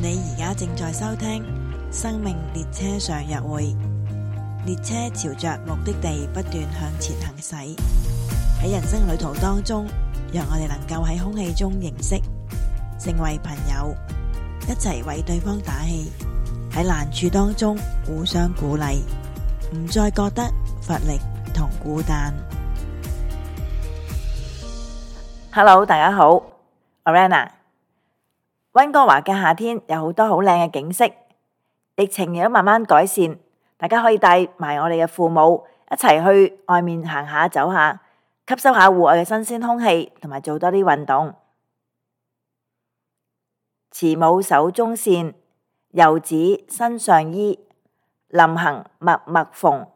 你而家正在收聽《生命列車上約會》，列車朝着目的地不斷向前行駛。喺人生旅途當中，讓我哋能夠喺空氣中認識，成為朋友，一齊為對方打氣。喺難處當中互相鼓勵，唔再覺得乏力同孤單。Hello，大家好，Rana。溫哥華嘅夏天有好多好靚嘅景色，疫情亦都慢慢改善，大家可以帶埋我哋嘅父母一齊去外面行下走下，吸收下戶外嘅新鮮空氣，同埋做多啲運動。慈母手中線，遊子身上衣。臨行密密縫，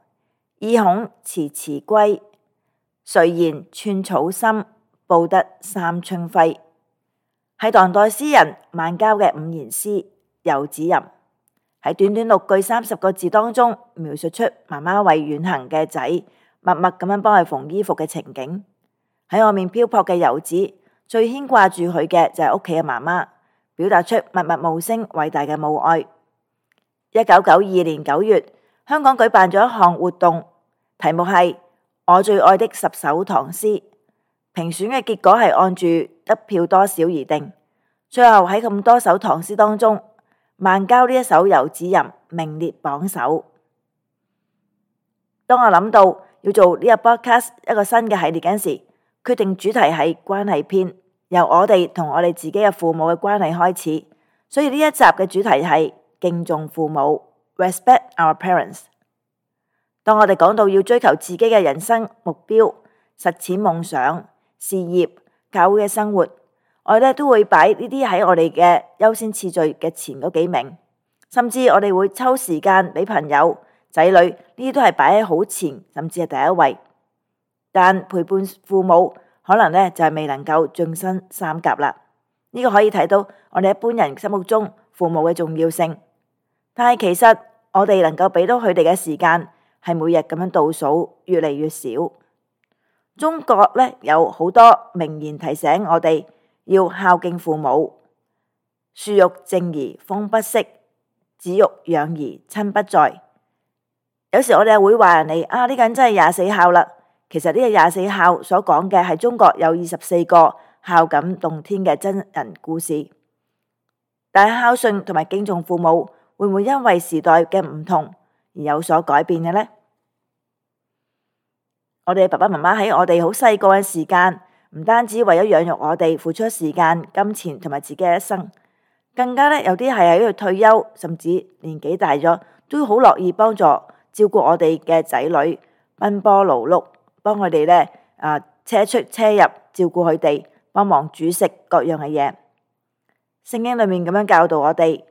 意恐遲遲歸。誰言寸草心，報得三春暉。係唐代詩人孟郊嘅五言詩《遊子吟》，喺短短六句三十個字當中，描述出媽媽為遠行嘅仔默默咁樣幫佢縫衣服嘅情景。喺外面漂泊嘅遊子，最牽掛住佢嘅就係屋企嘅媽媽，表達出默默無聲偉大嘅母愛。一九九二年九月，香港舉辦咗一項活動，題目係《我最愛的十首唐詩》，評選嘅結果係按住得票多少而定。最後喺咁多首唐詩當中，《孟郊》呢一首《遊子吟》名列榜首。當我諗到要做呢一個 Podcast 一個新嘅系列嗰陣時，決定主題係關係篇，由我哋同我哋自己嘅父母嘅關係開始。所以呢一集嘅主題係敬重父母 （Respect our parents）。當我哋講到要追求自己嘅人生目標、實踐夢想、事業、教會嘅生活。我哋都會擺呢啲喺我哋嘅優先次序嘅前嗰幾名，甚至我哋會抽時間俾朋友仔女，呢啲都係擺喺好前，甚至係第一位。但陪伴父母可能呢就係、是、未能夠晉身三甲啦。呢、呢個可以睇到我哋一般人心目中父母嘅重要性，但係其實我哋能夠俾到佢哋嘅時間係每日咁樣倒數，越嚟越少。中國呢，有好多名言提醒我哋。要孝敬父母，樹欲靜而風不息，子欲養而親不在。有時我哋會話人哋啊，呢個人真係廿四孝啦。其實呢個廿四孝所講嘅係中國有二十四個孝感動天嘅真人故事。但係孝順同埋敬重父母，會唔會因為時代嘅唔同而有所改變嘅呢？我哋爸爸媽媽喺我哋好細個嘅時間。唔單止為咗養育我哋付出時間、金錢同埋自己嘅一生，更加呢，有啲係喺度退休，甚至年紀大咗，都好樂意幫助照顧我哋嘅仔女，奔波勞碌，幫佢哋呢，啊車出車入，照顧佢哋，幫忙煮食各樣嘅嘢。聖經裡面咁樣教導我哋，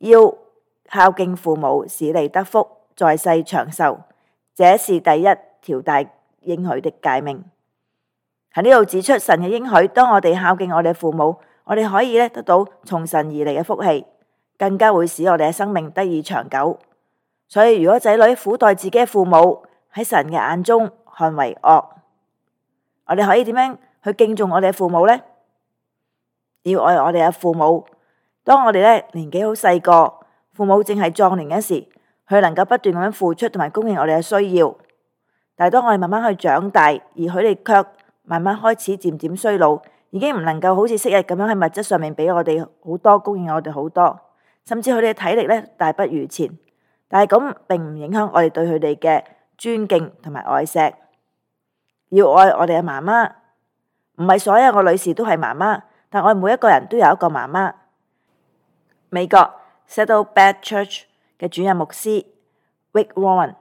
要孝敬父母，使你得福，在世長壽，這是第一條帶應許的誡命。喺呢度指出，神嘅應許，當我哋孝敬我哋嘅父母，我哋可以呢得到從神而嚟嘅福氣，更加會使我哋嘅生命得以長久。所以如果仔女苦待自己嘅父母，喺神嘅眼中看為惡。我哋可以點樣去敬重我哋嘅父母呢？要愛我哋嘅父母。當我哋呢年紀好細個，父母正係壯年嘅時，佢能夠不斷咁樣付出同埋供應我哋嘅需要。但係當我哋慢慢去長大，而佢哋卻。慢慢開始漸漸衰老，已經唔能夠好似昔日咁樣喺物質上面俾我哋好多，供應我哋好多，甚至佢哋嘅體力咧大不如前。但係咁並唔影響我哋對佢哋嘅尊敬同埋愛錫。要愛我哋嘅媽媽，唔係所有嘅女士都係媽媽，但係我哋每一個人都有一個媽媽。美國 Saddleback Church 嘅主任牧師 Rick Warren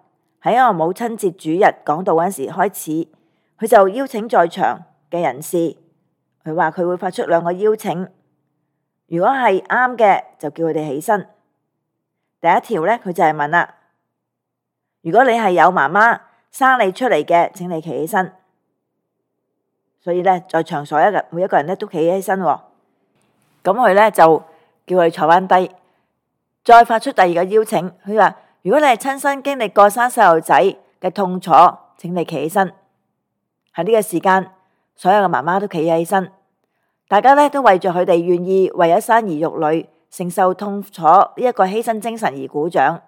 喺一個母親節主日講道嗰陣時開始。佢就邀請在場嘅人士，佢話佢會發出兩個邀請。如果係啱嘅，就叫佢哋起身。第一條咧，佢就係問啦：如果你係有媽媽生你出嚟嘅，請你企起身。所以咧，在場所有嘅每一個人咧都企起身。咁佢咧就叫佢坐返低，再發出第二個邀請。佢話如果你係親身經歷過生細路仔嘅痛楚，請你企起身。喺呢個時間，所有嘅媽媽都企起身，大家呢都為咗佢哋願意為咗生兒育女承受痛楚呢一個犧牲精神而鼓掌。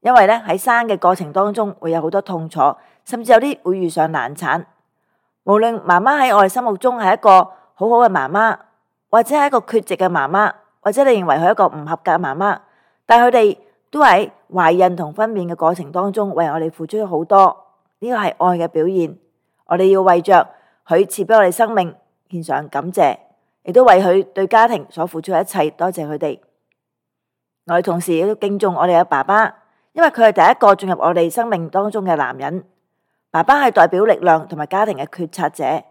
因為呢喺生嘅過程當中會有好多痛楚，甚至有啲會遇上難產。無論媽媽喺我哋心目中係一個好好嘅媽媽，或者係一個缺席嘅媽媽，或者你認為佢一個唔合格嘅媽媽，但佢哋都喺懷孕同分娩嘅過程當中為我哋付出咗好多。呢個係愛嘅表現。我哋要為着佢賜俾我哋生命獻上感謝，亦都為佢對家庭所付出嘅一切多謝佢哋。我哋同時亦都敬重我哋嘅爸爸，因為佢係第一個進入我哋生命當中嘅男人。爸爸係代表力量同埋家庭嘅決策者。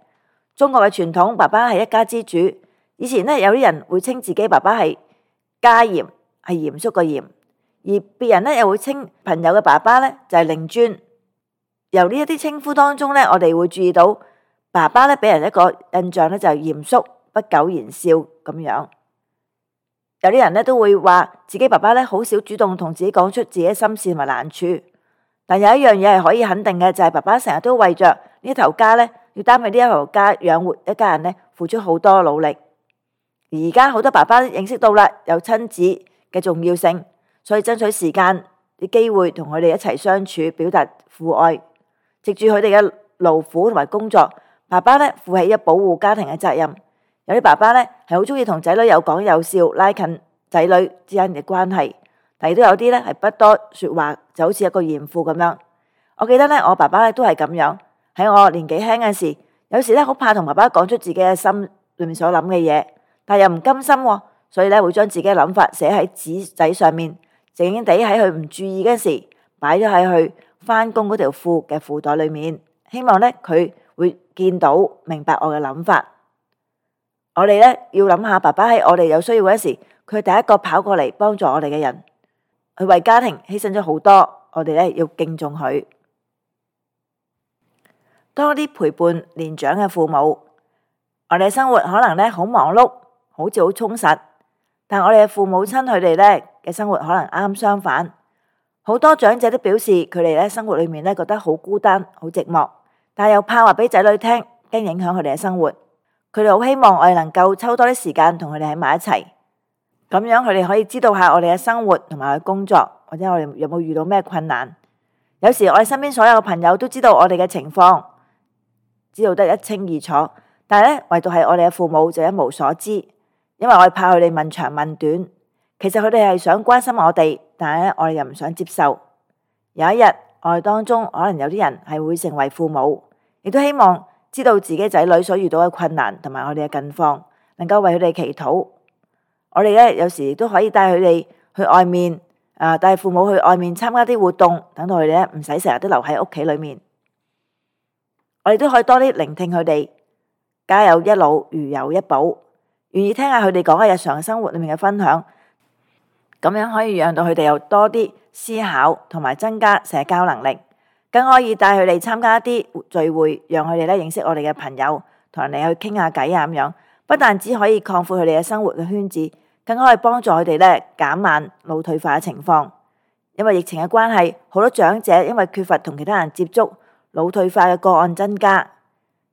中國嘅傳統，爸爸係一家之主。以前呢，有啲人會稱自己爸爸係家嚴，係嚴肅個嚴；而別人呢，又會稱朋友嘅爸爸呢，就係令尊。由呢一啲稱呼當中，呢我哋會注意到爸爸呢俾人一個印象呢就係嚴肅、不苟言笑咁樣。有啲人呢都會話自己爸爸呢好少主動同自己講出自己心事同埋難處。但有一樣嘢係可以肯定嘅，就係爸爸成日都為着呢頭家呢，要擔起呢一頭家養活一家人呢，付出好多努力。而家好多爸爸認識到啦，有親子嘅重要性，所以爭取時間、啲機會同佢哋一齊相處，表達父愛。藉住佢哋嘅勞苦同埋工作，爸爸咧負起一保護家庭嘅責任。有啲爸爸咧係好中意同仔女有講有笑，拉近仔女之間嘅關係。但係亦都有啲咧係不多說話，就好似一個嚴父咁樣。我記得咧，我爸爸咧都係咁樣。喺我年紀輕嘅時，有時咧好怕同爸爸講出自己嘅心裏面所諗嘅嘢，但又唔甘心喎，所以咧會將自己嘅諗法寫喺紙仔上面，靜靜地喺佢唔注意嘅時擺咗喺佢。翻工嗰條褲嘅褲袋裏面，希望呢佢會見到明白我嘅諗法。我哋呢要諗下，爸爸喺我哋有需要嗰時，佢第一個跑過嚟，幫助我哋嘅人，佢為家庭犧牲咗好多，我哋呢要敬重佢。多啲陪伴年長嘅父母，我哋生活可能呢好忙碌，好似好充實，但係我哋嘅父母親佢哋呢嘅生活可能啱相反。好多長者都表示，佢哋咧生活裏面咧覺得好孤單、好寂寞，但係又怕話俾仔女聽，驚影響佢哋嘅生活。佢哋好希望我哋能夠抽多啲時間同佢哋喺埋一齊，咁樣佢哋可以知道下我哋嘅生活同埋我哋工作，或者我哋有冇遇到咩困難。有時我哋身邊所有嘅朋友都知道我哋嘅情況，知道得一清二楚，但係咧，唯獨係我哋嘅父母就一無所知，因為我哋怕佢哋問長問短。其實佢哋係想關心我哋。但係呢，我哋又唔想接受。有一日，我哋當中可能有啲人係會成為父母，亦都希望知道自己仔女所遇到嘅困難同埋我哋嘅近況，能夠為佢哋祈禱。我哋呢，有時都可以帶佢哋去外面，啊、呃，帶父母去外面參加啲活動，等到佢哋呢，唔使成日都留喺屋企裏面。我哋都可以多啲聆聽佢哋，家有一老，如有一寶，願意聽下佢哋講嘅日常生活裏面嘅分享。咁樣可以讓到佢哋有多啲思考，同埋增加社交能力，更可以帶佢哋參加一啲聚會，讓佢哋咧，認識我哋嘅朋友，同人哋去傾下偈啊，咁樣。不但只可以擴闊佢哋嘅生活嘅圈子，更可以幫助佢哋咧，減慢腦退化嘅情況。因為疫情嘅關係，好多長者因為缺乏同其他人接觸，腦退化嘅個案增加。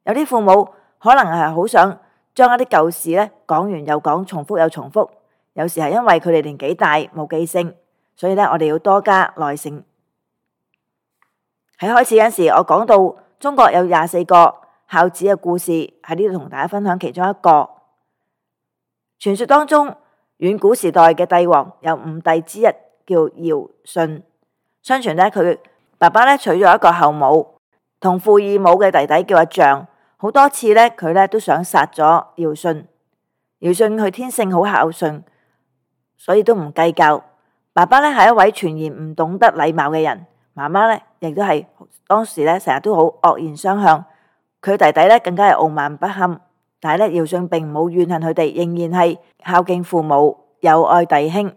有啲父母可能係好想將一啲舊事咧講完又講，重複又重複。有時係因為佢哋年紀大冇記性，所以呢，我哋要多加耐性。喺開始嗰陣時，我講到中國有廿四個孝子嘅故事，喺呢度同大家分享其中一個。傳說當中，遠古時代嘅帝王有五帝之一叫堯舜，相傳呢，佢爸爸呢娶咗一個後母，同父異母嘅弟弟叫阿象，好多次呢，佢呢都想殺咗堯舜。堯舜佢天性好孝順。所以都唔計較。爸爸呢係一位全然唔懂得禮貌嘅人，媽媽呢亦都係當時呢成日都好惡言相向。佢弟弟呢更加係傲慢不堪，但係呢，堯舜並冇怨恨佢哋，仍然係孝敬父母，友愛弟兄。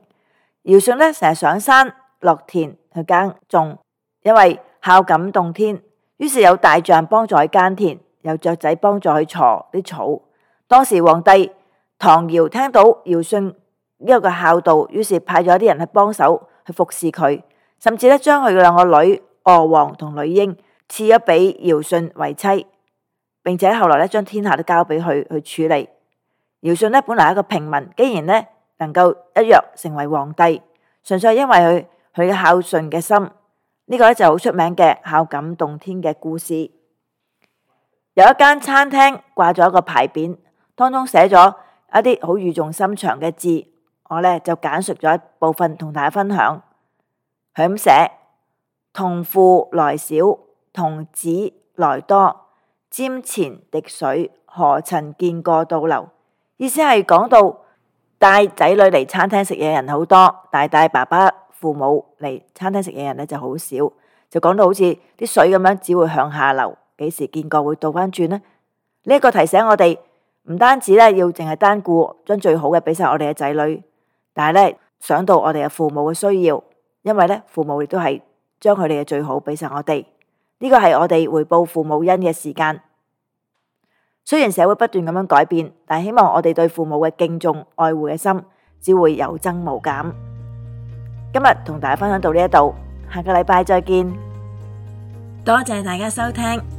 堯舜呢成日上山落田去耕種，因為孝感動天，於是有大象幫助佢耕田，有雀仔幫助佢鋤啲草。當時皇帝唐堯聽到堯舜。一個孝道，於是派咗一啲人去幫手去服侍佢，甚至咧將佢兩個女娥皇同女英賜咗俾堯舜為妻，並且後來咧將天下都交俾佢去處理。堯舜呢本來係一個平民，竟然呢能夠一躍成為皇帝，純粹係因為佢佢嘅孝順嘅心。呢、這個呢就好出名嘅孝感動天嘅故事。有一間餐廳掛咗一個牌匾，當中寫咗一啲好語重心長嘅字。我呢，就簡述咗一部分同大家分享，佢咁寫：同父來少，同子來多。簷前滴水，何曾見過倒流？意思係講到帶仔女嚟餐廳食嘢人好多，帶帶爸爸父母嚟餐廳食嘢人呢就好少，就講到好似啲水咁樣，只會向下流，幾時見過會倒翻轉呢？呢、呢、一個提醒我哋，唔單止呢，要淨係單顧將最好嘅俾晒我哋嘅仔女。但係咧，想到我哋嘅父母嘅需要，因為咧，父母亦都係將佢哋嘅最好俾晒我哋，呢個係我哋回報父母恩嘅時間。雖然社會不斷咁樣改變，但係希望我哋對父母嘅敬重、愛護嘅心，只會有增無減。今日同大家分享到呢一度，下個禮拜再見。多謝大家收聽。